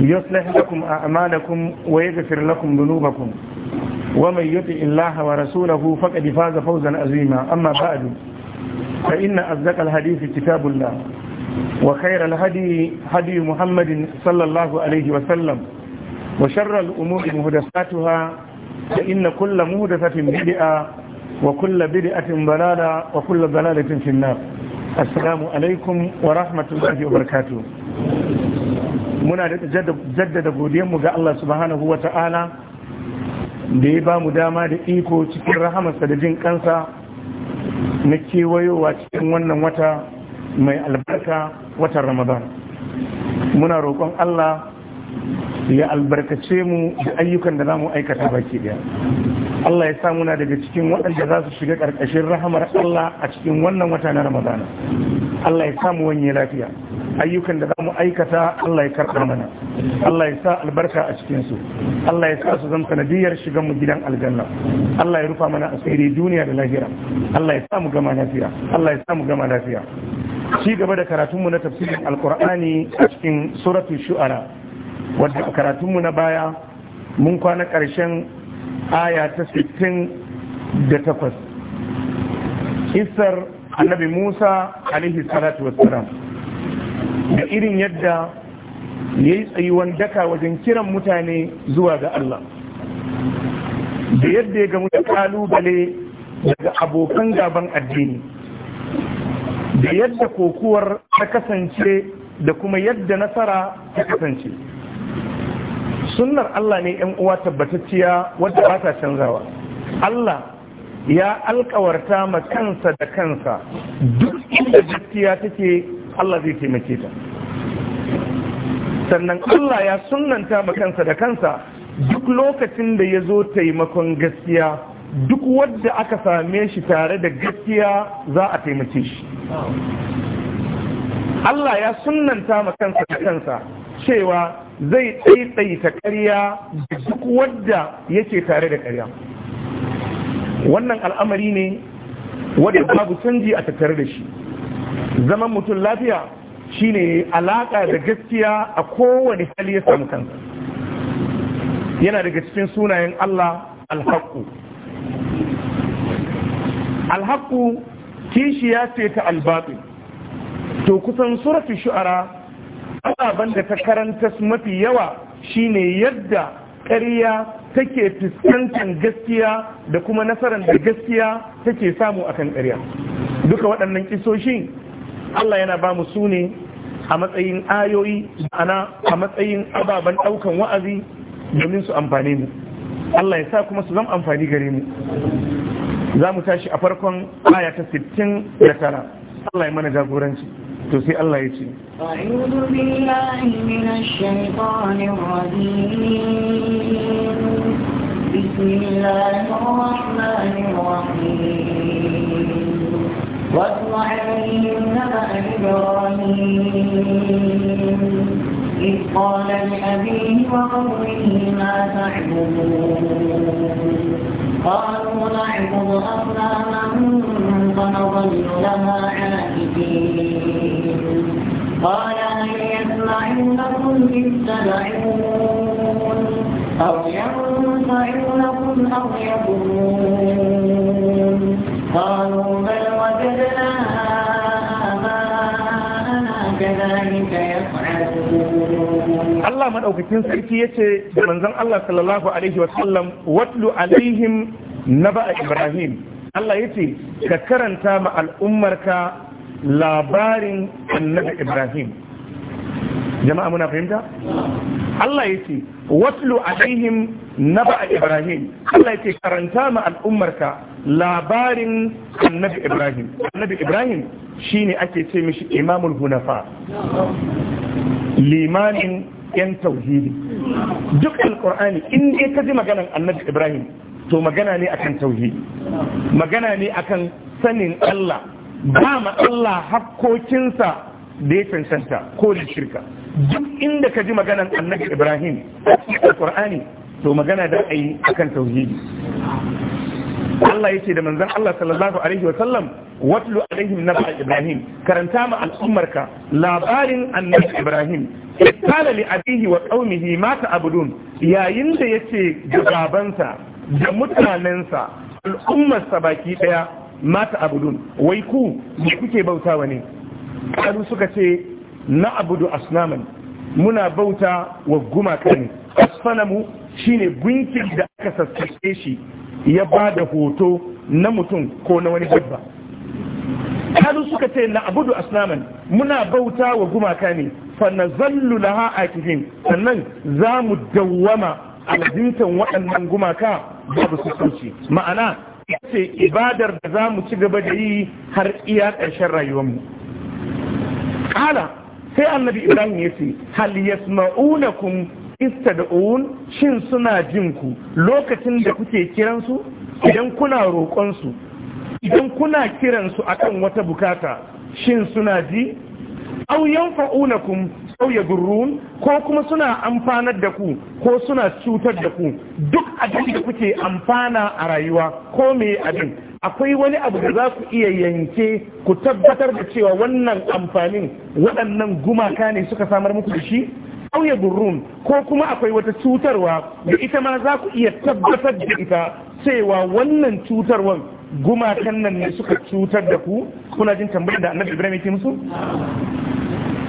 يصلح لكم أعمالكم ويغفر لكم ذنوبكم ومن يطع الله ورسوله فقد فاز فوزا عظيما أما بعد فإن أصدق الحديث كتاب الله وخير الهدي هدي محمد صلى الله عليه وسلم وشر الأمور مهدفاتها فإن كل مهدفة بدئة وكل بدئة ضلالة وكل ضلالة في النار السلام عليكم ورحمة الله وبركاته muna da jaddada godiyanmu ga Allah subhanahu wa ta'ala da ya ba mu dama da iko cikin rahamarsa da jin kansa na kewayowa cikin wannan wata mai albarka watan ramadan muna roƙon Allah ya albarkace mu da ayyukan da za mu aikata baki daya Allah ya sa muna daga cikin waɗanda za su shiga ƙarƙashin rahamar Allah a cikin wannan wata na Ramadana Allah ya sa mu wanye lafiya ayyukan da za mu aikata Allah ya karɓa mana Allah ya sa albarka a cikinsu Allah ya sa su zama sanadiyar shiga mu gidan aljanna Allah ya rufa mana asiri duniya da lahira Allah ya sa mu gama lafiya Allah ya sa mu gama lafiya ci gaba da karatunmu na tafsirin alkur'ani a cikin suratu shu'ara wadda karatunmu na baya mun kwana ƙarshen aya ta da 68 isar annabi musa alaihi salatu wassalam da irin yadda ya yi tsayuwan daka wajen kiran mutane zuwa ga allah da yadda ya gamu da kalubale daga abokan gaban addini da yadda kokuwar ta kasance da kuma yadda nasara ta kasance sunnar Allah ne yan uwa tabbatacciya wadda ba ta canzawa Allah ya alkawarta ma kansa da kansa duk inda gaskiya take Allah zai taimake ta sannan Allah ya sunanta ma kansa da kansa duk lokacin da ya zo taimakon gaskiya duk wadda aka same shi tare da gaskiya za a taimake shi Allah ya sunanta ma kansa da kansa cewa zai ta ƙarya da duk wadda yake tare da ƙarya wannan al'amari ne wadda babu canji a tattare da shi zaman mutum lafiya shine alaƙa da gaskiya a kowane hali ya samu kansa yana daga cikin sunayen Allah alhaƙu alhaƙu kishiya ce ta albatin to kusan surafi shu'ara ababen da ta karanta su mafi yawa shine yadda ƙarya take fuskantar gaskiya da kuma nasarar da gaskiya take samu a kan ƙarya duka waɗannan kisoshin Allah yana ba mu su ne a matsayin ayoyi ana a matsayin ababen ɗaukan wa'azi domin su amfane mu Allah ya sa kuma su zama amfani gare mu za mu tashi a farkon aya ta 69 Allah ya mana jagoranci to sai Allah ya ce أعوذ بالله من الشيطان الرجيم بسم الله الرحمن الرحيم واتل عليهم نبأ إبراهيم إذ قال لأبيه وقومه ما تعبدون قالوا نعبد أصناما فنظل لها عاكفين قال هل يسمعونكم إذ أو ينفعونكم أو يضرون قالوا بل وجدنا Allah madaukakin sarki ya ce da manzon Allah sallallahu alaihi wa sallam watlu alaihim naba Ibrahim Allah ya ce ka karanta ma al'ummarka labarin annabi ibrahim jama'a muna fahimta Allah ya ce watlu alaihim naba ibrahim Allah ya ce karanta ma al'ummarka labarin annabi ibrahim annabi ibrahim shine ake ce mishi imamul hunafa limanin yan tauhidi duk alqur'ani in dai ka ji maganar annabi ibrahim to magana ne akan tauhidi magana ne akan sanin Allah ba ma Allah hakkokinsa da ya cancanta ko da shirka duk inda ka ji maganan annabi Ibrahim a Qur'ani to magana da a kan tauhidi Allah ce da manzon Allah sallallahu alaihi wa sallam watlu alaihim naba Ibrahim karanta ma al'ummarka labarin annabi Ibrahim qala li abihi wa qaumihi ma ta'budun yayin da yace gabansa da mutanensa al'ummarsa baki daya mata abudun wai ku da kuke bautawa ne kalu suka ce na abudu asnaman muna bauta wa gumaka ne asfanamu shine gunkin da aka sassace shi ya ba da hoto na mutum ko na wani dabba kalu suka ce na abudu asnaman muna bauta wa gumaka ne fa na zallu laha akifin sannan za mu dawwama a waɗannan gumaka babu sassauci ma'ana ce ibadar da za mu ci gaba da yi har iya ƙarshen rayuwarmu Kala, sai annabi ibrahim ya ce hal kum, istad'un shin suna jin ku lokacin da kuke kiransu idan kuna roƙonsu idan kuna kiransu akan wata bukata shin suna ji au yanfa'unakum aw gurrun ko kuma suna amfanar da ku ko suna cutar da ku duk abin da kuke amfana a rayuwa ko me abin akwai wani abu da za ku iya yanke ku tabbatar da cewa wannan amfanin waɗannan gumaka ne suka samar muku da shi auye gurrun ko kuma akwai wata cutarwa da ita ma za ku iya tabbatar da ita cewa wannan cutarwan gumakan nan ne suka cutar da ku kuna jin tambayar da annabi ibrahim yake musu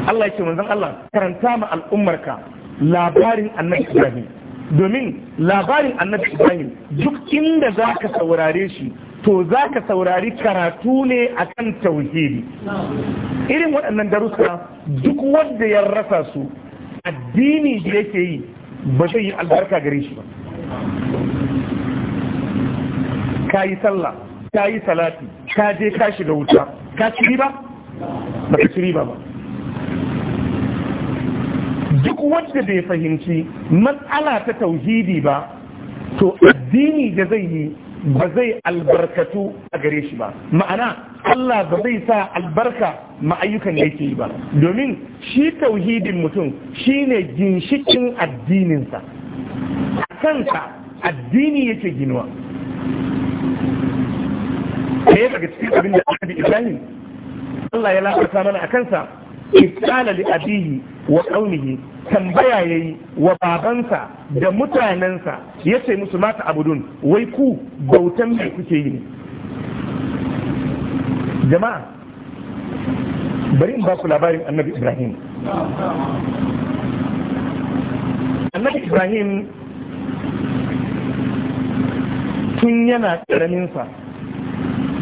Allah yake manzon Allah karanta ma al'ummarka labarin annabi Ibrahim domin labarin annabi Ibrahim duk inda za ka saurare shi to za ka saurari karatu ne a kan tauhidi irin waɗannan darussa duk wanda ya rasa su addini da yake yi ba zai yi albarka gare shi ba ka yi sallah ka yi salati ka je ka shiga wuta ka ci ba ba ka ci ba ba duk wanda bai fahimci matsala ta tauhidi ba to addini da zai yi ba zai albarkatu a gare shi ba ma'ana Allah ba zai sa albarka ma'ayyukan da yake yi ba domin shi tauhidin mutum shi ne ginshikin addininsa a kansa addini yake ginuwa ɗaya daga cikin abin da Ibrahim Allah ya lafarta mana a kansa isala li abihi wa qaumihi tambaya yayi wa babansa da mutanensa yace musu mata abudun wai ku bautan me kuke yi ne jama'a bari in ba ku labarin annabi ibrahim annabi ibrahim tun yana karaminsa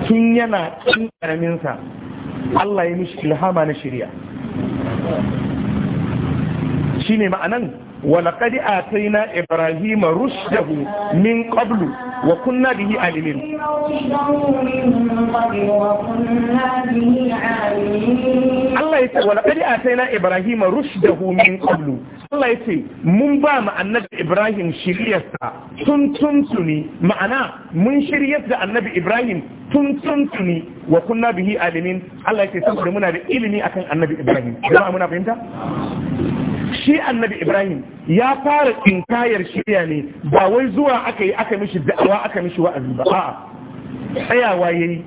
tun yana ɗan karaminsa Allah ya mishi ilhama na Shi ne ma'anan ولقد آتينا إبراهيم رشده من قبل وكنا به عالمين الله يتي ولقد آتينا إبراهيم رشده من قبل الله يتي من با مع النبي إبراهيم شريسة تنتنتني معنا من شريسة النبي إبراهيم تنتنتني وكنا به عالمين الله يتي سنقدمنا بإلمي أكن النبي إبراهيم جماعة منا فهمت؟ shi annabi ibrahim ya fara tsinkayar shirya ne ba wai zuwa aka yi aka mishi da'awa aka mishi wa'azi ba a'a tsayawa ya yi.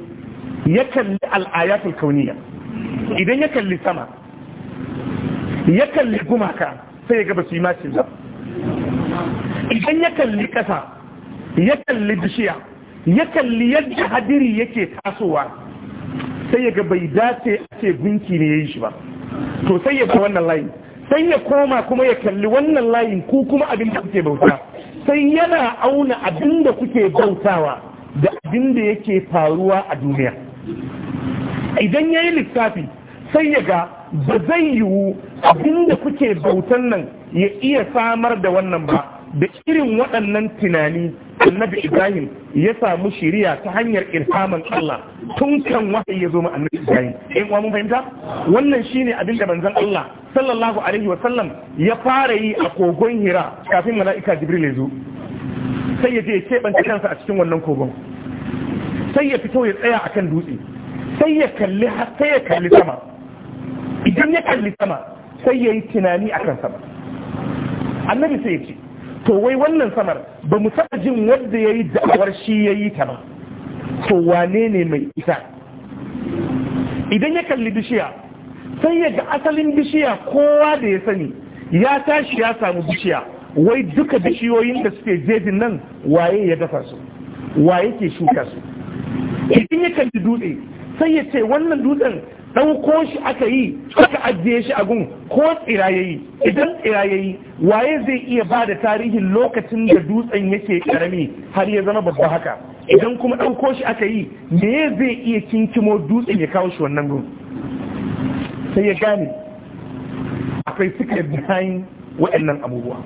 ya kalli al'ayatul kauniya idan ya kalli sama ya kalli gumaka sai ya ga su yi macin ba idan ya kalli kasa ya kalli bishiya ya kalli yadda hadiri yake tasowa sai ya ga bai dace a ce gunki ne ya yi shi ba to sai ya ba wannan layi sai ya koma kuma ya kalli wannan layin ku kuma abin da kuke bauta sai yana auna abin da kuke bautawa da abin da yake faruwa a duniya idan ya yi lissafi sai ya ga ba zai yiwu abin da kuke bautan nan ya iya samar da wannan ba da irin waɗannan tunani annabi ibrahim ya samu shiriya ta hanyar irhaman allah tun kan wahayi ya zo annabi ibrahim in eh, uwa mun fahimta wannan shine abin da manzon allah sallallahu alaihi wasallam ya fara yi a kogon hira kafin mala'ika jibril ya zo sai ya je ya keɓance kansa a cikin wannan kogon sai ya fito ya tsaya akan dutse sai ya kalli sama idan ya kalli sama sai ya yi tunani akan sama annabi sai ya ce to wai wannan samar ba mu taɓa jin wanda ya yi da'awar shi ya yi ta ba to wane ne mai isa? idan ya kalli bishiya sai ya ga asalin bishiya kowa da ya sani ya tashi ya samu bishiya wai duka bishiyoyin da suke jejin nan waye ya dafa su waye ke shuka su idan ya kalli dutse sai ya ce wannan dutsen ɗauko shi aka yi aka ajiye shi a gun ko tsirayayi idan tsirayayi waye zai iya ba da tarihin lokacin da dutsen yake karami har ya zama babba haka idan kuma ɗauko shi aka yi me zai iya kinkimo dutsen ya kawo shi wannan gun sai ya gane akwai suka bayan wa'annan abubuwa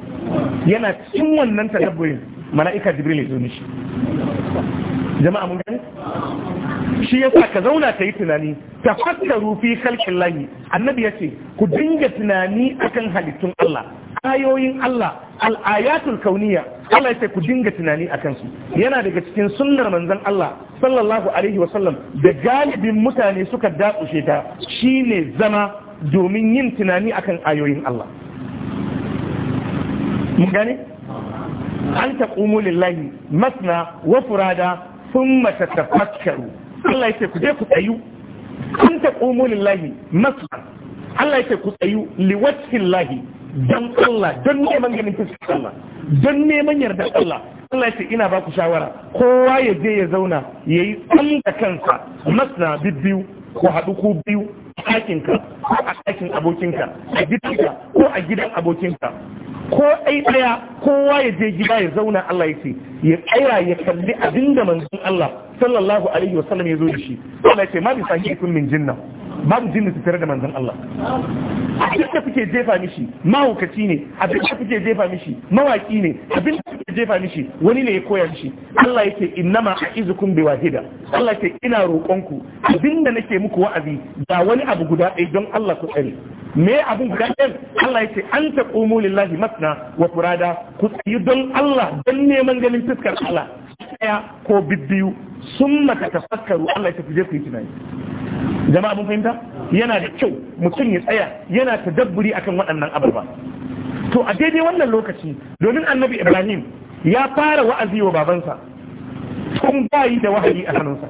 yana cikin wannan tadabburin mala'ika jibril ya zo mishi jama'a mun gani shi yasa ka zauna ka yi tunani ta fakkaru rufi khalqin lahi annabi ce ku dinga tunani akan halittun Allah ayoyin Allah al kauniya Allah yace ku dinga tunani akan su yana daga cikin sunnar manzon Allah sallallahu alaihi wa sallam da galibin mutane suka dakushe ta shine zama domin yin tunani akan ayoyin Allah mun gane an taqumu lillahi masna wa furada thumma Allah ya ce ku je ku tsayu an ta ƙumu lillahi masu Allah ya ce ku tsayu liwacin lahi don Allah don neman ganin fuskar Allah don neman yarda Allah Allah ya ce ina ba ku shawara kowa ya je ya zauna ya yi tsan da kansa masna bibbiyu ku haɗu ku biyu a ɗakinka ko a ɗakin abokinka a gidanka ko a gidan abokinka ko ai daya kowa ya je gida ya zauna Allah ya ce ya tsaya ya kalli abinda manzon Allah sallallahu alaihi wasallam ya zo da shi Allah ya ce ma bi kun min jinna babu jinni su tare da manzon Allah abin da kuke jefa mishi mahaukaci ne abin da kuke jefa mishi mawaki ne abin da kuke jefa mishi wani ne ya koya mishi Allah yake innama a'izukum bi wahida Allah yake ina roƙonku abin da nake muku wa'azi ga wani abu guda ɗaya don Allah ku tsare me abun guda ɗin Allah ya ce an ta ƙomo lillahi masna wa furada ku tsayi don Allah don neman ganin fuskar Allah ɗaya ko bibbiyu sun maka tafakkaru Allah ya tafi je ku yi tunani jama'a mun fahimta yana da kyau mutum ya tsaya yana ta dabburi akan waɗannan ababa to a daidai wannan lokaci domin annabi ibrahim ya fara wa'azi wa babansa tun bayi da wahayi a hannunsa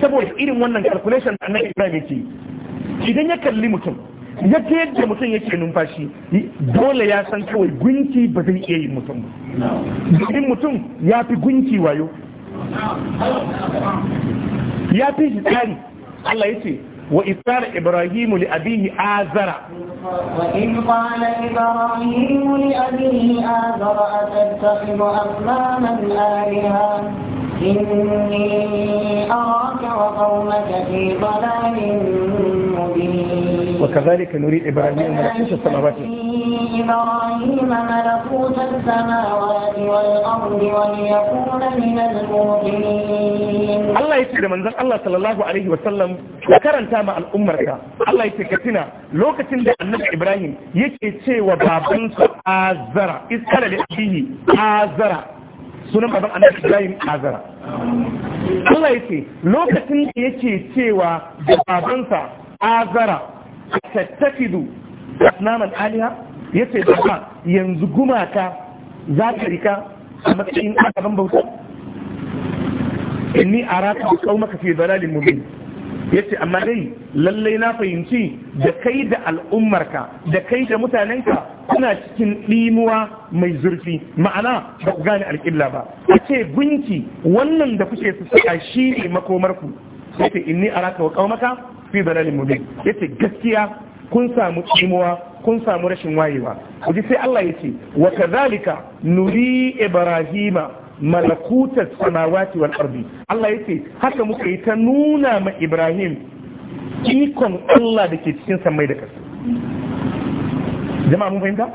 saboda irin wannan calculation da annabi ibrahim ce. idan ya kalli mutum Yadda yadda mutum yake numfashi dole ya san kawai gunki ba zai iya yin mutum domin mutum ya fi gunki wayo ya fi shi tsari Allah ya ce wa isar ibrahimu li abihi azara qala ibrahimu li abihi azara أتتخذ aslanan آلهة إني أراك وقومك في ضلال مبين وكذلك نريد إبراهيم ملكوت السماوات إبراهيم ملكوت السماوات والأرض وليكون من المؤمنين الله يسير من ذلك الله صلى الله عليه وسلم وكرن تامع الأمة الله يسير كتنا لو كتن دي النبي إبراهيم يكي تشي وبابنس آزرا إذ قال لأبيه آزرا sunan baban annabi Ibrahim Azara Allah lokacin da yake cewa da babansa Azara tattakidu asnaman aliha yace baba yanzu gumaka za rika a matsayin ababen bauta inni araka qaumaka fi dalalin mubin yace amma dai lallai na fahimci da kai da al'ummarka da kai da mutanenka kuna cikin ɗimuwa mai zurfi ma'ana ba ku gane alƙilla ba a ce gunki wannan da kuke su saka shi ne makomarku yace inni araka wa qaumaka fi mu Ya ce gaskiya kun samu ɗimuwa kun samu rashin wayewa ku ji sai Allah ya ce wa kadhalika nuri ibrahima malakuta samawati wal ardi Allah ya ce haka muka yi ta nuna ma Ibrahim ikon Allah da ke cikin samai da ƙasa jama'a mun fahimta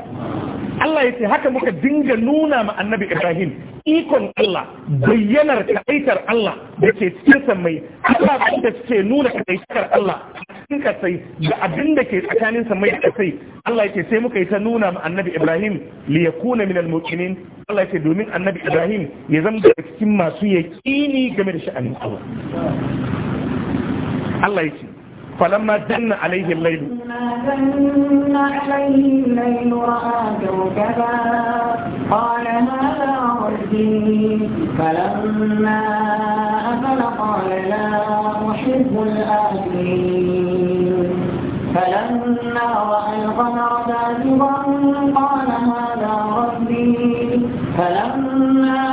Allah ya ce haka muka dinga nuna ma annabi Ibrahim ikon Allah bayyanar kaitar Allah da ke cikin mai Allah ba da ke nuna kaitar Allah cikin kasai da abin da ke tsakanin mai da kai, Allah ya ce sai muka yi ta nuna ma annabi Ibrahim li yakuna al muqinin Allah ya ce domin annabi Ibrahim ya zama daga cikin masu yaqini game da sha'anin Allah Allah ya ce فلما جن عليه الليل قال هذا ربي فلما أفل قال لا أحب الآخرين فلما رأى القمر بازغا قال هذا ربي فلما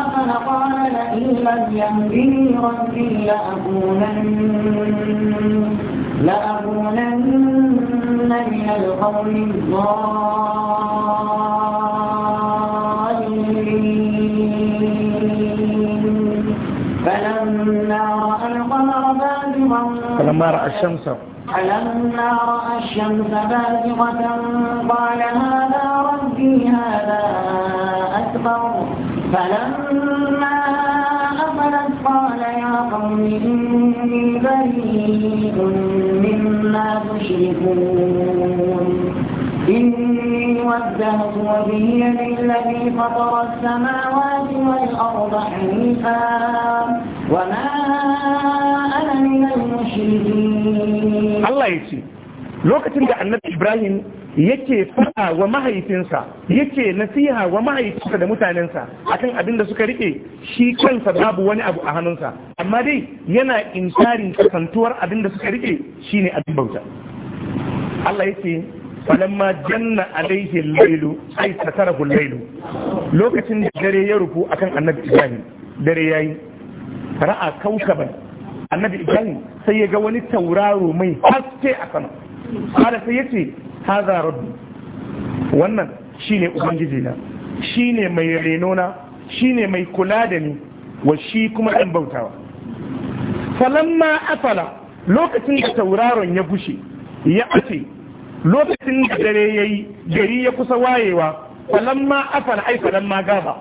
أفل قال لئن لم يهدني ربي لأكونن لأكونن من القوم الضالين فلما رأى القمر بازغا فلما رأى الشمس فلما رأى الشمس بازغة قال هذا ربي هذا أكبر فلما أفلت قال يا قوم إني بريء مما تشركون إني وجهت وجهي للذي فطر السماوات والأرض حنيفا وما أنا من Allah ya ce lokacin da annabi Ibrahim yake fara wa mahaifinsa yake nasiha wa mahaifinsa da mutanensa akan abin da suka rike shi kansa babu wani abu a hannunsa amma dai yana inkarin kasantuwar abin da suka rike shine abin bauta Allah yake falamma janna alaihi al-lailu ay satarahu al-lailu lokacin da dare ya rufu akan annabi Ibrahim dare yayi ra'a kaukaban annabi ibrahim sai ya ga wani tauraro mai haske a sama kada sai ya ce haza rabbi wannan shine ubangiji na shine mai reno na shine mai kula da ni wa shi kuma ɗan bautawa falamma afala lokacin da tauraron ya gushe ya ɓace lokacin da dare ya yi gari ya kusa wayewa falamma afala ai falamma gaba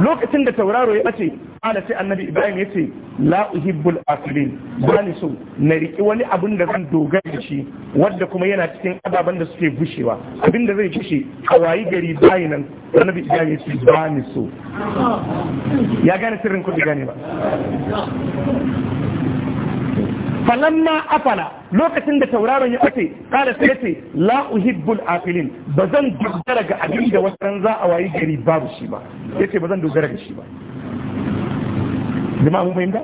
lokacin da tauraro ya ɓace qala sai annabi ibrahim ce, la uhibbul afilin bani so na riki wani abin da zan dogara da shi wanda kuma yana cikin ababen da suke bushewa abin da zai bushe a wayi gari bayi nan annabi ibrahim ce, bani so ya gane sirrin kudi gane ba falamma afala lokacin da tauraron ya ce, kada sai ce la uhibbul afilin ba zan dogara ga abin da wasan za a wayi gari babu shi ba yace ba zan dogara ga shi ba jama'a mun fahimta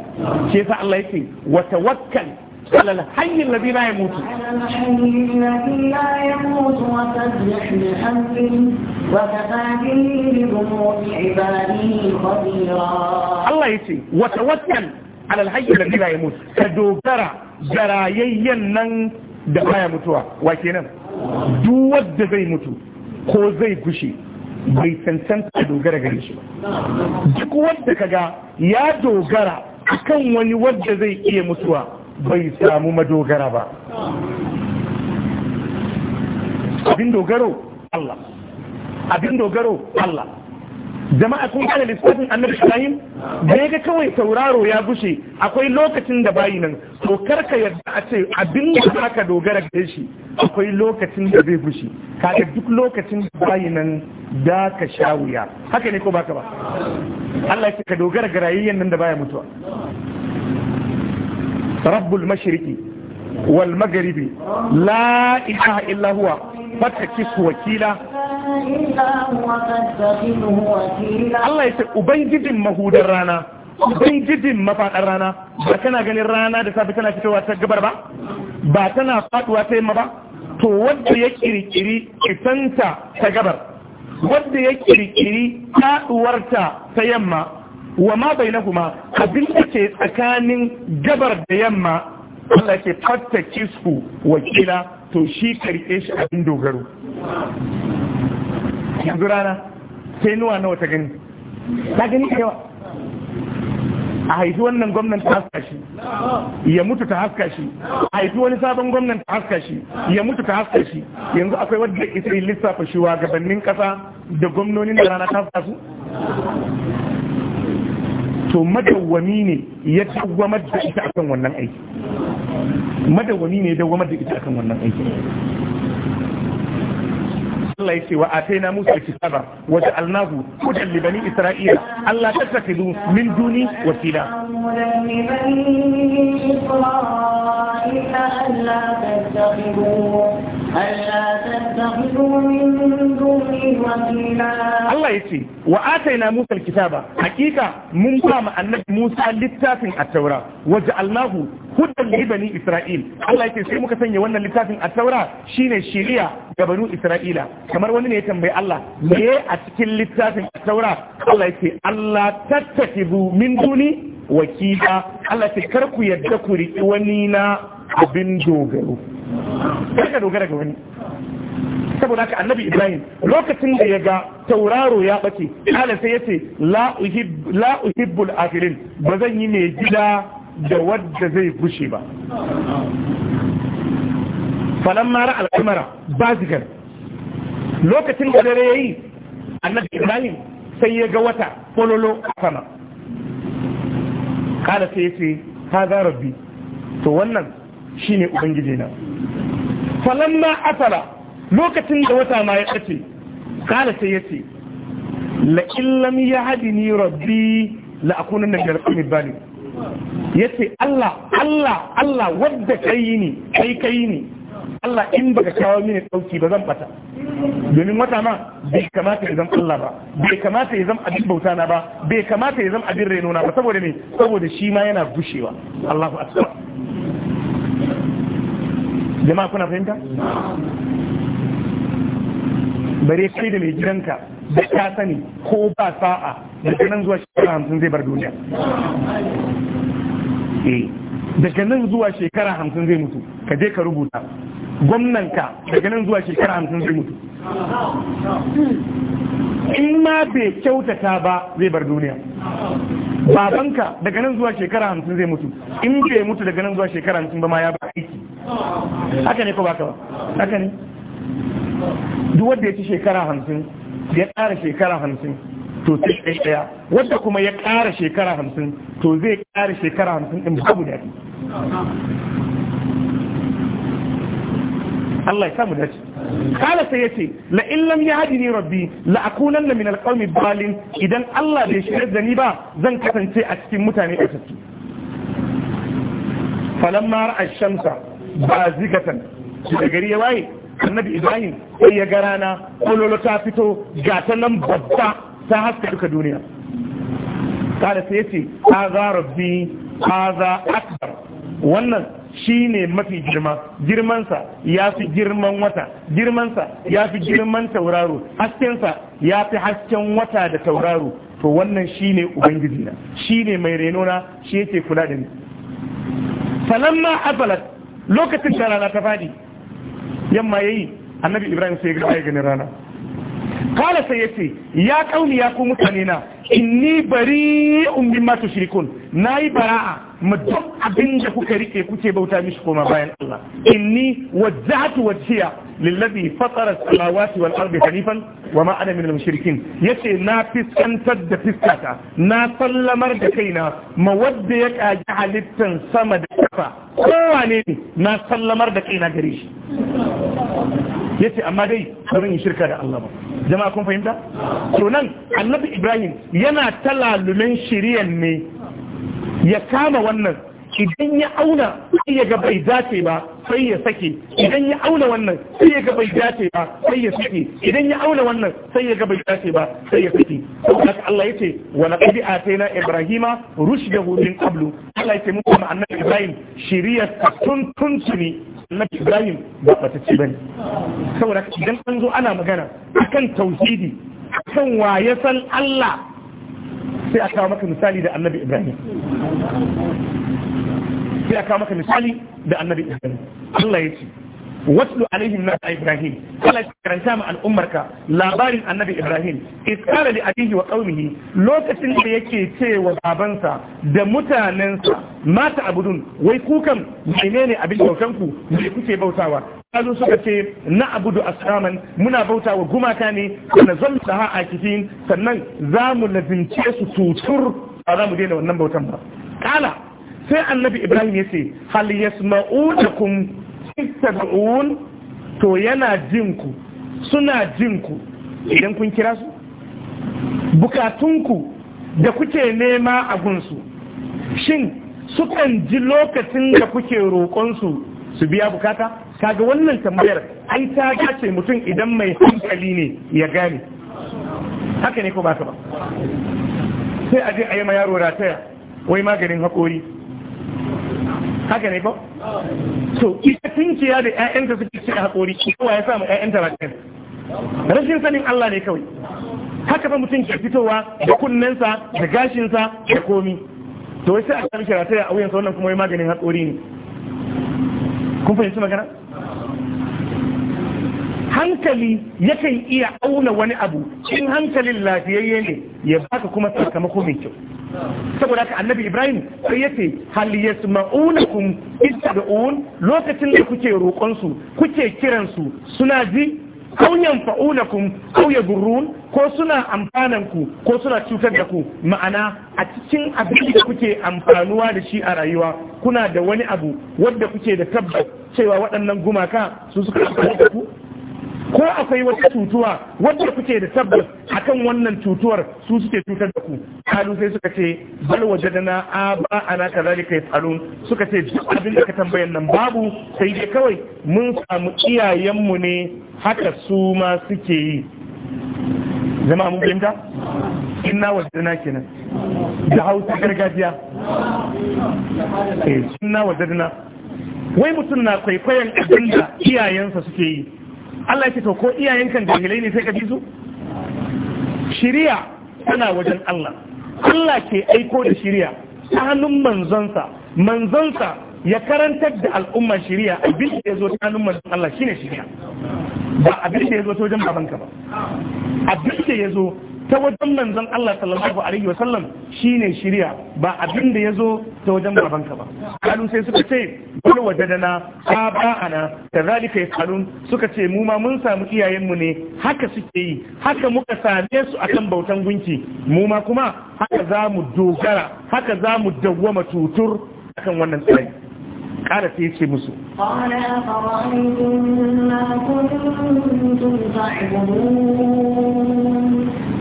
shi yasa Allah yake wa tawakkal على الحي الذي لا يموت على الحي الذي لا يموت وسبح بحمده وكفى به بذنوب عباده خبيرا الله يتي وتوكل على الحي الذي لا يموت كدوغرا جراييا نن da baya mutuwa wa kenan duk wanda zai mutu ko zai gushe bai cancanta dogara gare shi duk wanda kaga ya dogara akan wani wanda zai iya mutuwa bai samu madogara ba abin dogaro Allah abin dogaro Allah jama'a kun kana lissafin annabi ibrahim da ga kawai tauraro ya gushe akwai lokacin da bayi nan to karka yadda a ce abin da aka dogara da shi akwai lokacin da zai gushe kaga duk lokacin da bayi nan da ka sha wuya haka ne ko baka ba Allah ya ka dogara ga rayayyen nan da baya mutuwa rabbul mashriqi wal maghribi la ilaha illa huwa fatakis wakila Allah ya ce ubangijin mahudar rana ubangijin mafaɗar rana ba tana ganin rana da safe tana fitowa ta gabar ba ba tana faɗuwa ta yamma ba to wadda ya kirkiri isanta ta gabar wadda ya kirkiri faɗuwarta ta yamma wa ma bai na kuma abin da ke tsakanin gabar da yamma Allah ce fatta kisku wakila to shi karɓe shi abin dogaro yanzu rana sai nuwa nawa ta gani ta gani da yawa a haifi wannan gwamnan ta haska shi ya mutu ta haska shi a haifi wani sabon gwamnan ta haska shi ya mutu ta haska shi yanzu akwai wadda ita yi lissafa shugabannin kasa da gwamnonin da rana ta haska su to madawwami ne ya dawwamar da ita akan wannan aiki madawwami ne ya dawwamar da ita akan wannan aiki Allah ya ce wa ataina Musa kitaba wa ja'alnahu hudan li bani Isra'ila Allah ta takidu min duni wasila Allah Allah ya ce wa ataina Musa alkitaba hakika mun ba ma annabi Musa littafin a taura wa ja'alnahu hudan li bani Isra'il Allah ya ce sai muka sanya wannan littafin a taura shine shiriya ga bani Isra'ila kamar wani ne ya tambayi Allah me a cikin littafin a taura Allah ya ce Allah tattakizu min duni wakila Allah ya ce kar ku yadda ku riki wani na abin dogaro kaka dogara ga wani saboda ka annabi ibrahim lokacin da ya ga tauraro ya bace ala sai yace la uhib la uhibbul ba zan yi mai gida da wadda zai gushe ba falamma ra al'amara bazigar lokacin da dare yayi annabi ibrahim sai ya ga wata fololo a sama kala sai yace ha rabbi to wannan shine ubangiji na falamma asara lokacin da wata ma ya tsace kala sai ya ce la illam ya hadi ni rabbi la akuna na garfin bali ya ce Allah Allah Allah wadda yi ni kai yi ni Allah in baka kawo mini dauki ba zan bata domin wata ma bai kamata ya zama Allah ba bai kamata ya zama abin bauta na ba bai kamata ya zama abin reno na ba saboda me saboda shi ma yana gushewa Allahu akbar jama'a kuna fahimta bare kai da mai gidanka da ta sani ko ba sa'a daga nan zuwa shekara hamsin zai bar duniya eh, daga nan zuwa shekara hamsin zai mutu ka je ka rubuta gwamnanka daga nan zuwa shekara hamsin zai mutu in ma bai kyautata ba zai bar duniya babanka daga nan zuwa shekara hamsin zai mutu in bai mutu daga nan zuwa shekara hamsin ba ma ya ba aiki haka ne ko ba ka ba haka ne duk wanda ya ci shekara hamsin ya ƙara shekara hamsin to sai ɗaya ɗaya wanda kuma ya ƙara shekara hamsin to zai ƙara shekara hamsin ɗin babu daɗi Allah ya samu dace kala sai yace la in lam yahdini rabbi la akunanna min alqawmi balin idan Allah bai shirye da ni ba zan kasance a cikin mutane a cikin falamma ra'a shamsa ba zikatan da gari ya waye annabi ibrahim sai ya ga rana kololo ta fito ga ta nan babba ta haska duka duniya kada sai yace haza rabbi kaza akbar wannan shine mafi girma girmansa ya fi girman wata girmansa ya fi girman tauraro haskensa ya fi hasken wata da tauraro to wannan shine ubangiji na shine mai renona shi yake kula da ni falamma afalat lokacin da rana ta fadi yamma yayi annabi ibrahim sai ga ya ganin rana kala sai yace ya kauni ya ku mutane na inni bari'un mimma tushrikun nayi bara'a ma duk abin da kuka rike kuke bauta mishi koma bayan Allah inni wajjahtu wajhiya lillazi fatara as-samawati wal ardi hanifan wa ma ana min al-mushrikin yace na fiskantar da fiskata na sallamar da kaina ma ya kaji halittan sama da kafa kowane ne na sallamar da kaina gare shi yace amma dai zan yin shirka da Allah ba jama'a kun fahimta to nan annabi Ibrahim yana talalumin shiriyan ne ya kama wannan idan ya auna sai ya ga bai dace ba sai ya sake idan ya auna wannan sai ya ga bai dace ba sai ya sake idan ya auna wannan sai ya ga bai dace ba sai ya sake haka Allah yace wa laqad atayna ibrahima rushdahu min qablu Allah yace mu kuma annabi ibrahim shiriyar tun tun tuni annabi ibrahim ba ta ci bane saboda idan an zo ana magana akan tauhidi kan wa ya san Allah sai a maka misali da annabi ibrahim sai maka misali da annabi ibrahim Allah ya ce wasu alaihim na ibrahim Allah ya karanta ma al'ummarka labarin annabi ibrahim iskara li abihi wa qaumihi lokacin da yake cewa babansa da mutanensa mata abudun wai kukan menene abin bautanku me kuke bautawa kalu suka ce na abudu asnaman muna bauta wa gumaka ne na zan saha a kifin sannan za mu lazimce su tutur ba za mu daina wannan bautan ba kala sai annabi ibrahim ya ce hal yasma'unakum tad'un to yana jin ku suna jin ku idan kun kira su ku, da kuke nema a gunsu shin sukan ji lokacin da kuke roƙonsu su biya bukata kaga wannan tambayar ai ta dace mutum idan mai hankali ne ya gane haka ne ko ba ka ba sai a je a yi ma yaro rataya wai maganin haƙori haka ne ba so ita tunkiya da 'ya'yanta suke ci a haƙori kowa ya samu 'ya'yanta ɗaya? rashin sanin Allah ne kawai haka fa mutum ke fitowa da kunnensa da gashinsa da komi to sai a sami rataya a wuyansa wannan kuma wai maganin haƙori ne kun fahimci magana hankali yakan iya auna wani abu in hankalin lafiyayye ne ya baka kuma sakamako mai kyau saboda haka annabi ibrahim sai yace hal yasma'unakum istad'un lokacin da kuke roƙon su kuke kiran su suna ji aw yanfa'unakum aw yadurrun ko suna amfanan ku ko suna cutar da ku ma'ana a cikin abin da kuke amfanuwa da shi a rayuwa kuna da wani abu wanda kuke da tabbas cewa waɗannan gumaka su suka ku ko akwai wata cutuwa wadda kuke da tabbas akan wannan cutuwar su suke cutar da ku kalu sai suka ce bal wajadana aba ana kai tsaron suka ce duk abin da ka tambayan nan babu sai dai kawai mun samu iyayenmu ne haka su ma suke yi zama mun fahimta inna wajadana kenan da hausa gargajiya eh inna wajadana wai mutum na kwaikwayon abin da iyayensa suke yi Allah ya ce to ko iyayenkan jahilai ne sai ka bi su shiriya tana wajen Allah Allah ke aiko da shiriya ta hannun manzonsa manzonsa ya karantar da al'umma shiriya abin da ya zo ta hannun manzon Allah shine shiriya ba abin da ya zo ta wajen babanka ba abin da ya zo ta wajen manzon Allah sallallahu alaihi wa sallam shine shiriya ba abin da yazo ta wajen babanka ba kalu sai suka ce wani wajadana aba'ana zalika yasalun suka ce mu ma mun samu iyayenmu ne haka suke yi haka muka same su akan bautan gunki mu ma kuma haka za mu dogara haka za mu dawwama tutur akan wannan tsari kada sai ce musu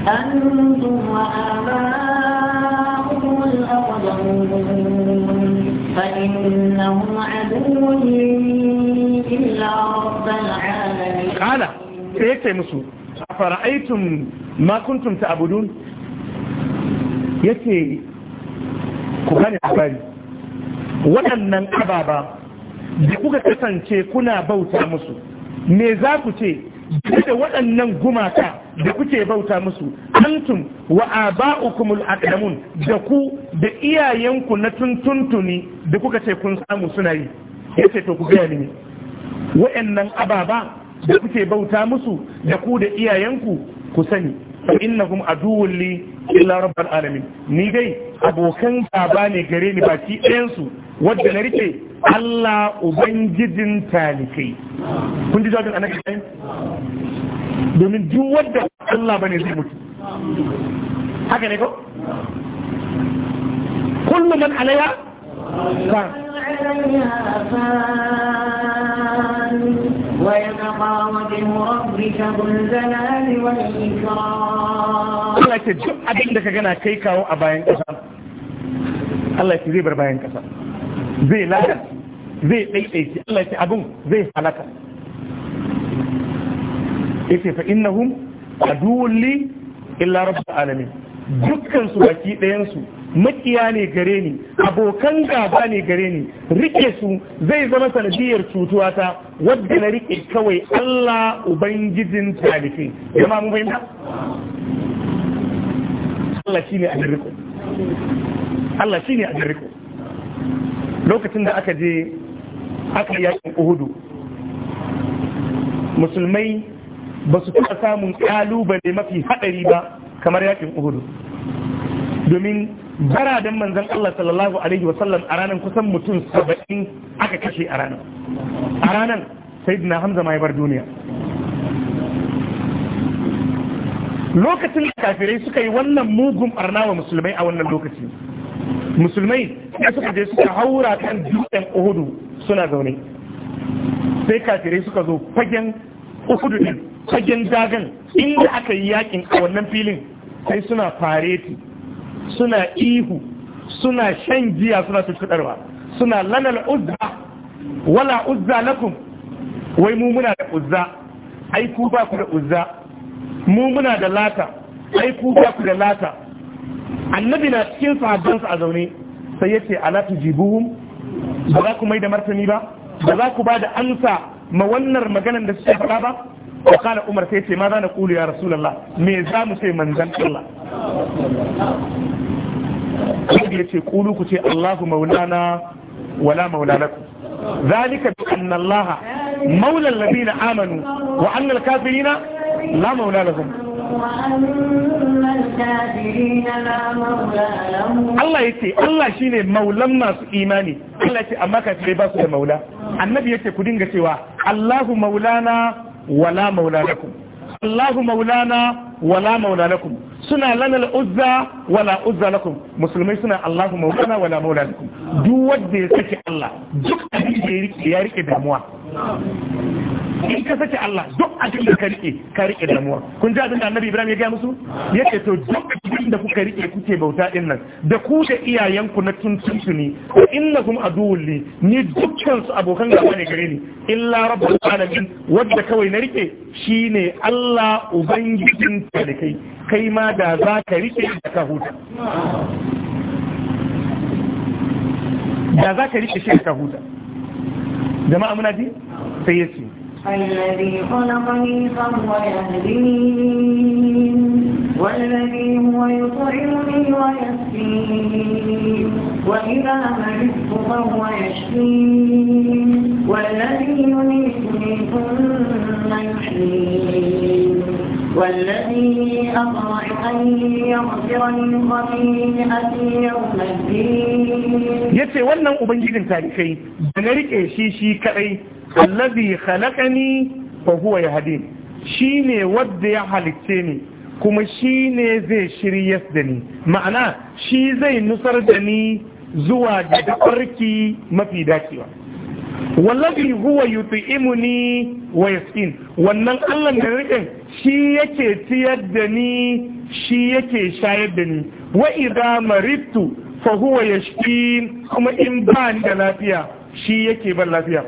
أنتم وآباؤكم الأقدمون فإنهم عدو لي إلا رب العالمين قال إيه مسو أفرأيتم ما كنتم تعبدون yace ku waɗannan ababa da kuka kasance kuna bauta musu me za ku ce da waɗannan gumaka da kuke bauta musu antum wa al aqdamun da ku da iyayenku na tuntuntuni da kuka ce kun samu suna yi yace to ku ga ni waɗannan ababa da kuke bauta musu da ku da iyayenku ku sani fa innakum aduwwun li illa rabbil alamin ni dai abokan baba ne gare ni baki ɗayan su wadda na rike Allah ubangijin talikai kun ji jawabin annabi Ibrahim domin duk wadda Allah bane zai mutu haka ne ko kullu man alaya fa ce duk abin da ka gana kai kawo a bayan ƙasa. Allah ya ce zai bar bayan ƙasa. zai lalace zai ɗaiɗaici Allah ce abin zai halaka yake fa innahum aduwulli illa rabbul alamin dukkan su baki ɗayan su makiya ne gare ni abokan gaba ne gare ni rike su zai zama sanadiyar cutuwa ta wadda na rike kawai Allah ubangijin talifi jama'a mun bayyana Allah shine a riko Allah shine a riko lokacin da aka je aka yakin uhudu musulmai ba su taɓa samun ƙalubale mafi haɗari ba kamar yakin uhudu domin baradan manzan Allah sallallahu Alaihi wasallam a ranar kusan mutum saba'in aka kashe a ranar a ranar sai dina hamza ma bar duniya lokacin da kafirai suka yi wannan mugun ɓarna wa musulmai a wannan lokaci musulmai ya suka je suka haura kan dutsen uhudu suna zaune sai kafirai suka zo fagen uhudu din fagen dagan inda aka yi yakin a wannan filin sai suna fareti suna ihu suna shan giya suna tuttuɗarwa suna lanar uzza wala uzza lakum wai mu muna da uzza ai ku ba ku da uzza mu muna da lata ai ku ba ku da lata annabi na cikin sahabbansa a zaune sai yace ala tujibuhum ba za ku mai da martani ba ba za ku ba da amsa ma wannan maganar da suke faɗa ba wa kana umar sai ce ma za na kulu ya rasulullah me za mu ce manzan Allah Kudi yace kulu ku ce Allahu maulana wala maulanaku ذلك بأن الله مولى الذين آمنوا وأن الكافرين لا مولى لهم Allah ya ce Allah shi ne maulan masu imani Allah ya ce amma ka ba su da maula annabi ya ce ku dinga cewa Allahu maulana wala maulalakum" lakum Allahu maulana wala maulalakum" suna lanal uzza wala uzza lakum musulmai suna Allahu maulana wala maulalakum" duk wanda ya saki Allah duk abin da ya rike damuwa in ka sace Allah duk abin da ka rike ka rike damuwa kun ji abin da Annabi Ibrahim ya ga musu yace to duk abin da kuka rike kuke bauta din nan da ku da iyayenku na tuntuntuni wa innakum kuma li ni dukkan su abokan gaba ne gare ni illa rabbul alamin wanda kawai na rike shine Allah ubangijin ka da kai kai ma da za ka rike da ka huta da za ka rike shi ka huta jama'a muna ji sai yace الذي خلقني فهو يهدين والذي هو يطعمني ويسكين وإذا مرضت فهو يشفين والذي يميتني ثم يحيين ya ce wannan ubangijin tarihai da na riƙe shi shi kadai allazi khalaqani fa huwa Shi ne wanda ya halicce ni kuma shi ne zai shirya da ni ma'ana shi zai nusar da ni zuwa ga tsarki mafi dacewa wallazi huwa yut'imuni wa yasqin wannan allan da rike shi yake tiyar da ni shi yake shayar da ni wa idza maritu fa huwa yashfin kuma in ba ni da lafiya shi yake ban lafiya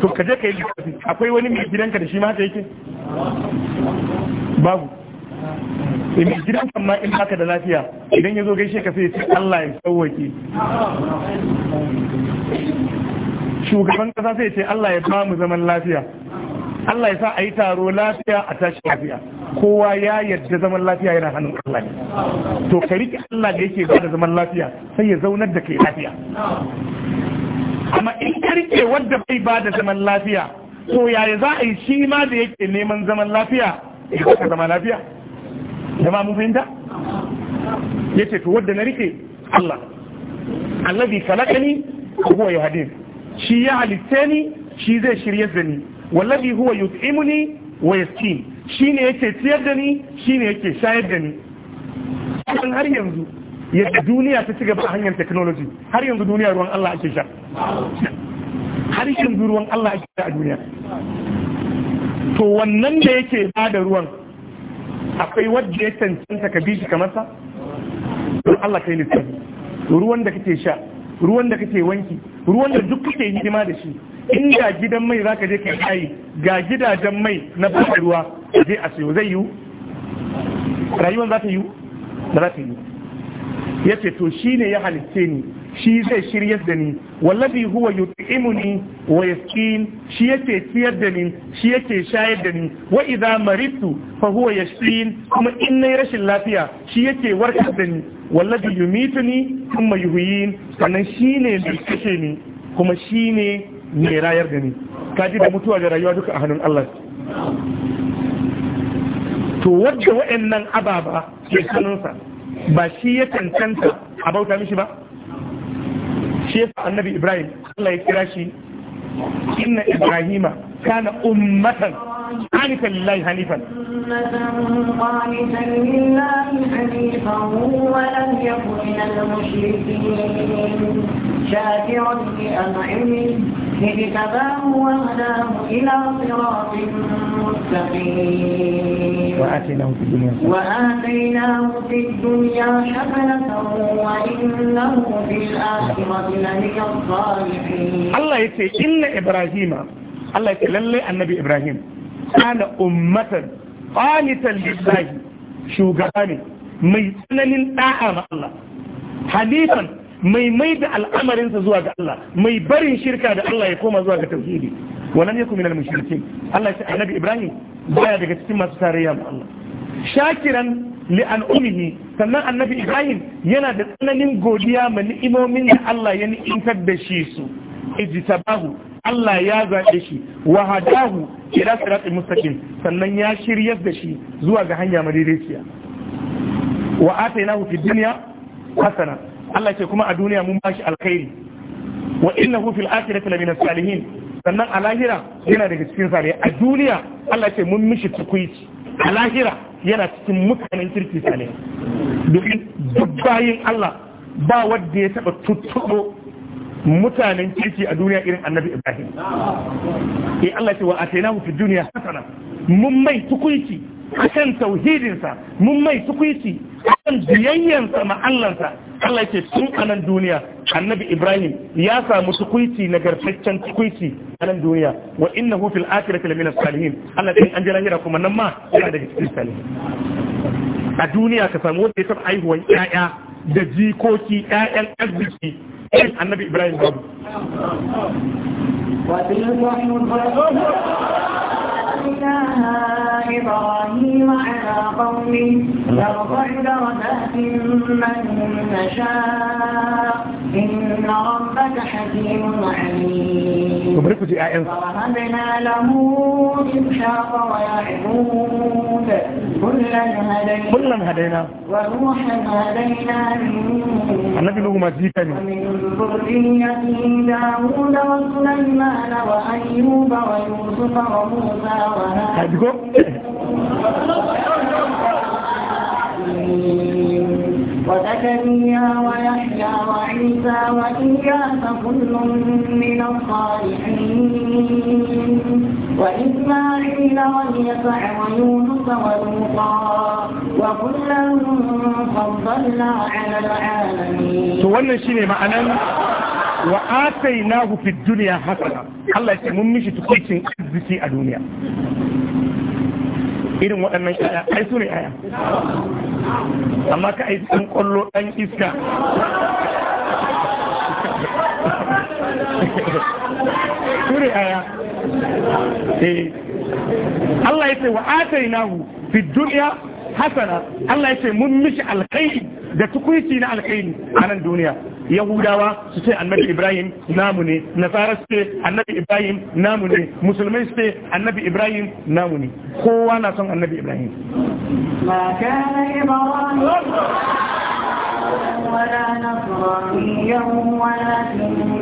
to kaje kai lissafi akwai wani mai gidanka da shi ma haka yake babu eh, mai gidanka ma in haka da lafiya idan ya zo gaishe ka sai Allah ya sauwake shugaban kasa sai ce Allah ya ba mu zaman lafiya Allah ya sa a yi taro lafiya a tashi lafiya kowa ya yarda zaman lafiya yana hannun Allah ne to ka riƙe Allah da yake ba da zaman lafiya sai ya zaunar da kai lafiya amma in ka riƙe wanda bai ba da zaman lafiya to yaya za a yi shi ma da yake neman zaman lafiya ya ka zama lafiya jama'a mun fahimta yace to wanda na riƙe Allah alladhi khalaqani huwa yahdin shi ya halitta ni shi zai shirye da ni wallabi huwa yut'imuni wa Shi shine yake ciyar da ni shine yake shayar da ni kan har yanzu yadda duniya ta ci gaba a hanyar technology har yanzu duniya ruwan Allah ake sha har yanzu ruwan Allah ake sha a duniya to wannan da yake ba da ruwan akwai wadda ya cancanta ka bishi kamar sa don Allah kai lissafi ruwan da kake sha ruwan da kake wanki ruwan da duk kake hidima da shi inda gidan mai za ka je kai kayi ga gidajen mai na bakar ruwa je a siyo zai yiwu Rayuwan za ta yiwu da za ta yiwu ya ce to shi ne ya halitte ni shi zai shiryar da ni wallabi huwa yut'imuni wa yasqin shi yake ciyar da ni shi yake shayar da ni wa idza maritu fa huwa yashfin kuma in nayi rashin lafiya shi yake warkar da ni wallabi ni, kuma yuhyin sannan ne mai kashe ni kuma shine mai rayar da ni kaji da mutuwa da rayuwa duka a hannun Allah to wadda waɗannan ababa ke hannunsa ba shi ya cancanta a bauta mishi ba shi yasa annabi Ibrahim Allah ya kira shi inna Ibrahima kana ummatan hanifan lillahi hanifan اجتباه وهداه إلى صراط مستقيم وآتيناه في الدنيا حسنة وإنه في الآخرة لمن الصالحين الله يقول إن إبراهيم الله يقول للي النبي إبراهيم كان أمة قانتا لله شو ميسنن mai tsananin da'a ma mai mai da al'amarinsa zuwa ga Allah mai barin shirka da Allah ya koma zuwa ga tauhidi wannan yakum minal mushrikin Allah ya ce annabi Ibrahim baya daga cikin masu tarayya ma Allah shakiran li an'umihi sannan annabi Ibrahim yana da tsananin godiya ma ni'imomin da Allah ya ni'imtar da shi su ijtabahu Allah ya zaɓe shi wa hadahu ila siratil mustaqim sannan ya shiryar da shi zuwa ga hanya madaidaiciya wa atainahu fid dunya hasana Allah ce kuma a duniya mun bashi alkhairi wa innahu fil akhirati lamina salihin sannan a lahira yana daga cikin sare a duniya Allah ce mun mishi tukuici a lahira yana cikin mutanen kirki sale domin duk bayin Allah ba wanda ya taba tuttubo mutanen kirki a duniya irin annabi Ibrahim eh Allah ce wa atainahu fid dunya hasana mun mai tukuici akan tauhidinsa mun mai tukuici kan biyayyansa ma Allahnsa Allah yake tun a nan duniya annabi Ibrahim ya samu tukuici nagartaccen tukuici a nan duniya wa innahu fil akhirati lamina salihin Allah ya an jira hira kuma nan ma yana daga cikin salihin a duniya ka samu wanda ya taɓa aihuwar ƴaƴa da jikoki ƴaƴan arziki irin annabi Ibrahim babu وقفناها إبراهيم على قومه يرفع درجات من نشاء إن ربك حكيم عليم ووهبنا له إسحاق ويعبود كلا هدينا كلا هدينا ونوحا هدينا النبي له مزيكا ومن ذريته داود وسليمان وأيوب ويوسف وموسى kaji وزكريا ويحيى وعيسى وإياس كل من الصالحين وإسماعيل واليسع ويونس ولوطا وكلا فضلنا على العالمين. سوالنا شنو معنا wa atainahu fid dunya hasana Allah ya mun mishi tukucin irin waɗannan ƴaƴa ai su ne aya amma ka ai ɗan ƙwallo ɗan iska su ne aya eh, Allah ya ce wa atainahu fi dunya hasana Allah ya ce mun mishi alkhairi da tukuici na alkhairi a nan duniya yahudawa su ce annabi ibrahim namu ne nasara su ce annabi ibrahim namu ne musulmai su ce annabi ibrahim namu ne kowa na son annabi ibrahim ولا نصرانيا ولكن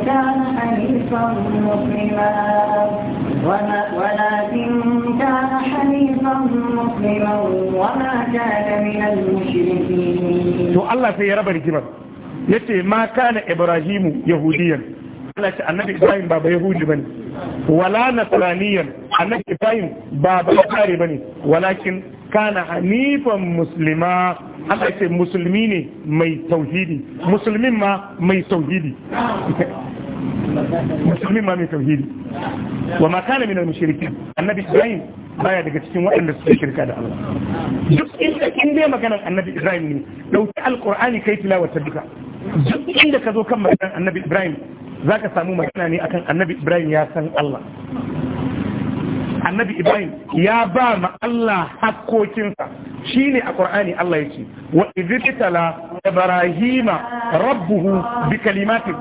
كان حنيفا مسلما Ya ce ma kana ibrahimu yahudiyan Allah ce annabi ibrahim ba ba yahudi bane wala nasraniyan annabi ibrahim ba ba kare bane walakin kana hanifan muslima Allah ce musulmi ne mai tauhidi musulmin ma mai tauhidi Musulmi ma mai tauhidi wa ma kana minal mushrikin annabi ibrahim baya daga cikin waɗanda suke shirka da Allah duk inda in dai maganar annabi Ibrahim ne dauki alqur'ani kai ta duka duk inda ka zo kan maganar annabi ibrahim za ka samu magana ne akan annabi ibrahim ya san allah annabi ibrahim ya ba ma allah hakkokinsa shine a qur'ani allah ya ce wa idritala ibrahima rabbuhu bi kalimatin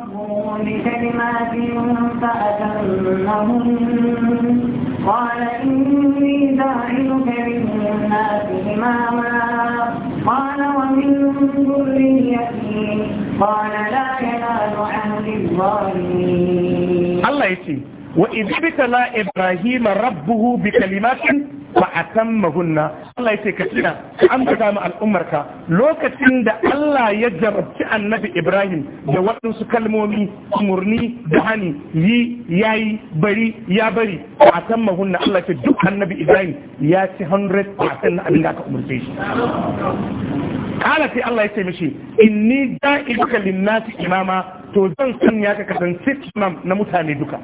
بكلمات فأتمهن قال إني جاعلك للناس إماما قال ومن ذريتي قال لا ينال عهد الظالمين الله يسير wa idibtala ibrahima rabbuhu bi kalimatin fa atammahunna Allah yace ka tuna ka ambata al'ummarka lokacin da Allah ya jarabci annabi Ibrahim da waɗansu kalmomi murni da hani yi yayi bari ya bari fa atammahunna Allah yace duk annabi Ibrahim ya ci 100% na abin aka umurce shi kala sai Allah ya yace mishi inni da'ibuka lin-nasi imama to zan sanya ka kasan sitnam na mutane duka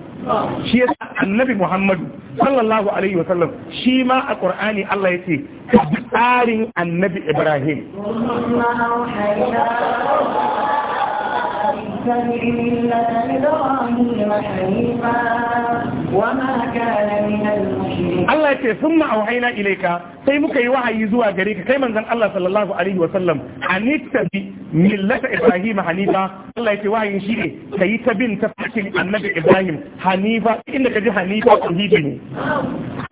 shi ya annabi muhammadu sallallahu alaihi wa sallam shi ma a qur'ani Allah yace tsarin annabi ibrahim allah ملة إبراهيم حنيفا وما كان من sai muka yi wahayi zuwa gare ka kai manzan Allah sallallahu alaihi Wasallam sallam bi millata ibrahim hanifa Allah ce wahayin shi ne yi ta bin tafarkin annabi ibrahim hanifa inda kaji hanifa tauhidi ne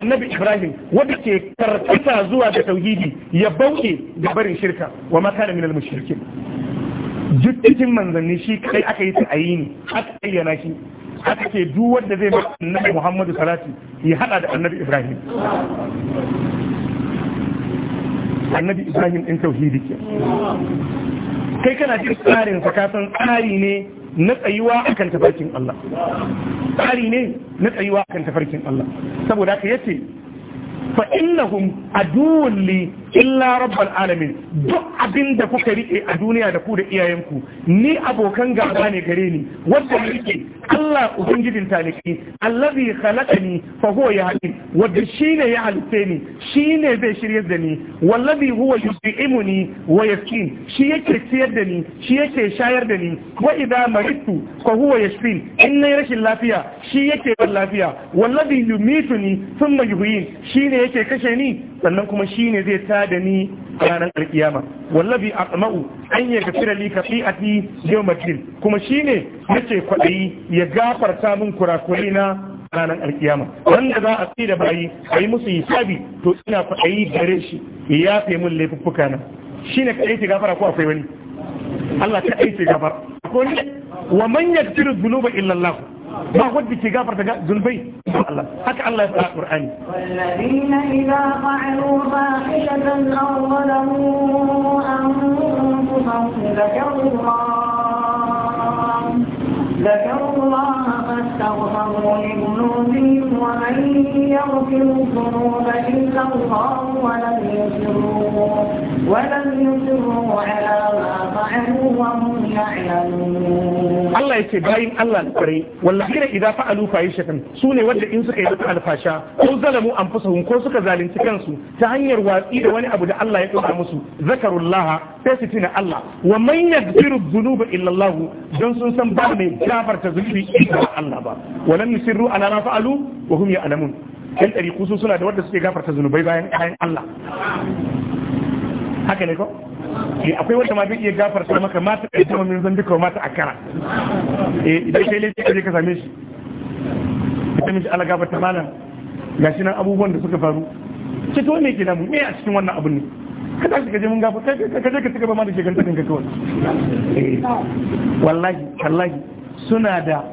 annabi ibrahim wanda ke karkata zuwa ga tauhidi ya bauke da barin shirka wa ma kana minal mushrikin duk cikin manzanni shi kai aka yi a yi ne aka ayyana shi aka ce duk wanda zai ba annabi Muhammadu salati ya hada da annabi Ibrahim annabi Ibrahim din tauhidi ke kai kana jin tsarin sa ka san tsari ne na tsayuwa akan tafarkin Allah tsari ne na tsayuwa akan tafarkin Allah saboda ka yace fa innahum aduwwun li illa rabbal alamin duk abin da kuka rike a duniya da ku da iyayenku ni abokan gaba ne gare ni wanda ni rike Allah ubangijin taliki allazi khalaqani fa huwa yahdi wanda shine ya halitte ni shine zai shiryar da ni wallazi huwa yudimuni wa yaskin shi yake ciyar da ni shi yake shayar da ni wa idza maridtu fa huwa yashfin in nayi rashin lafiya shi yake ban lafiya wallazi yumituni thumma yuhyin shine yake kashe ni sannan kuma shi ne zai da ni ranar alkiyama wallabi aqma'u an ya gafira li kafi'ati yawmatin kuma shi ne yake kwaɗayi ya gafarta min kurakuri na ranar alkiyama wanda za a tsi da bayi a yi musu hisabi to ina kwaɗayi gare shi ya yafe min laifuffuka na shi ne kaɗai ce gafara ko akwai wani Allah kaɗai ce gafara akwai wa man yaktiru dhunuba illa Allah ba wanda ke gafarta zunubai الله هكا الله يقرأ القرآن والذين إذا فعلوا فاحشة أو ظلموا أنفسهم ذكروا الله ذكروا الله فاستغفروا لذنوبهم ومن يغفر الذنوب إلا الله ولم يصروا ولم يصروا على ما فعلوا وهم يعلمون Allah ya ce bayin Allah Wala wallahi idan fa'alu su ne wadda in suka yi alfasha ko zalamu anfusahum ko suka zalunci kansu ta hanyar watsi da wani abu da Allah ya dauka musu zakarullah sai su tuna Allah wa man yaghfiru dhunuba illa Allah dan sun san ba mai gafarta zunubi illa Allah ba walam yusirru ala ma fa'alu wa hum ya'lamun yan ɗari kusu suna da wanda suke gafarta zunubai bayan Allah haka ne ko eh akwai wanda ma zai iya gafarta maka mata da ta min zan duka mata akara eh idan kai ne ka je ka same shi ka mishi Allah gafarta malam gashi nan abubuwan da suka faru ce to me ke namu me a cikin wannan abun ne ka tashi ka je mun gafa ka je ka cigaba ma da ke ganta ɗinka kawai eh, wallahi wallahi suna da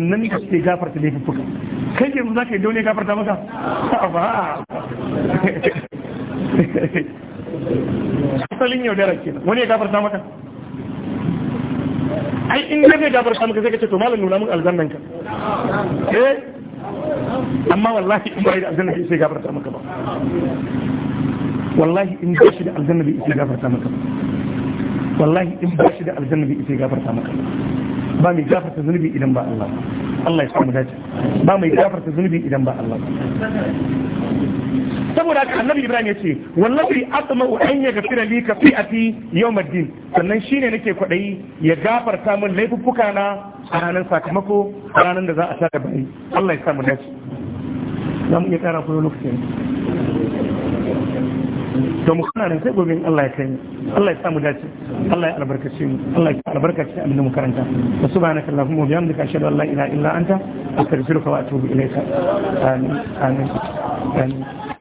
nan da suke gafarta laifuffuka kai yanzu za ka yi daune gafarta maka ba asalin yaudara kenan wani ya gafarta maka ai in ne zai gafarta maka sai ka ce to malam nuna mun aljannan ka eh amma wallahi in bai da aljanna bai sai gafarta maka ba wallahi in ba shi da aljanna bai sai gafarta maka ba wallahi in ba shi da aljanna bai sai gafarta maka ba ba mai gafarta zunubi idan ba Allah Allah ya samu dace ba mai gafarta zunubi idan ba Allah saboda haka annabi ibrahim ya ce wallahi wa an ya gafira li ka fi'ati yawmiddin sannan shine nake kwadayi ya gafarta min laifuffuka na a ranar sakamako a ranar da za a saka bai Allah ya samu dace za mu iya kara koyo lokacin to mu kana sai gobe Allah ya kai mu Allah ya samu dace Allah ya albarkace mu Allah ya albarkace abin da mu karanta wa subhanaka allahumma wa bihamdika ashhadu an la ilaha illa anta astaghfiruka wa atubu ilayka amin amin amin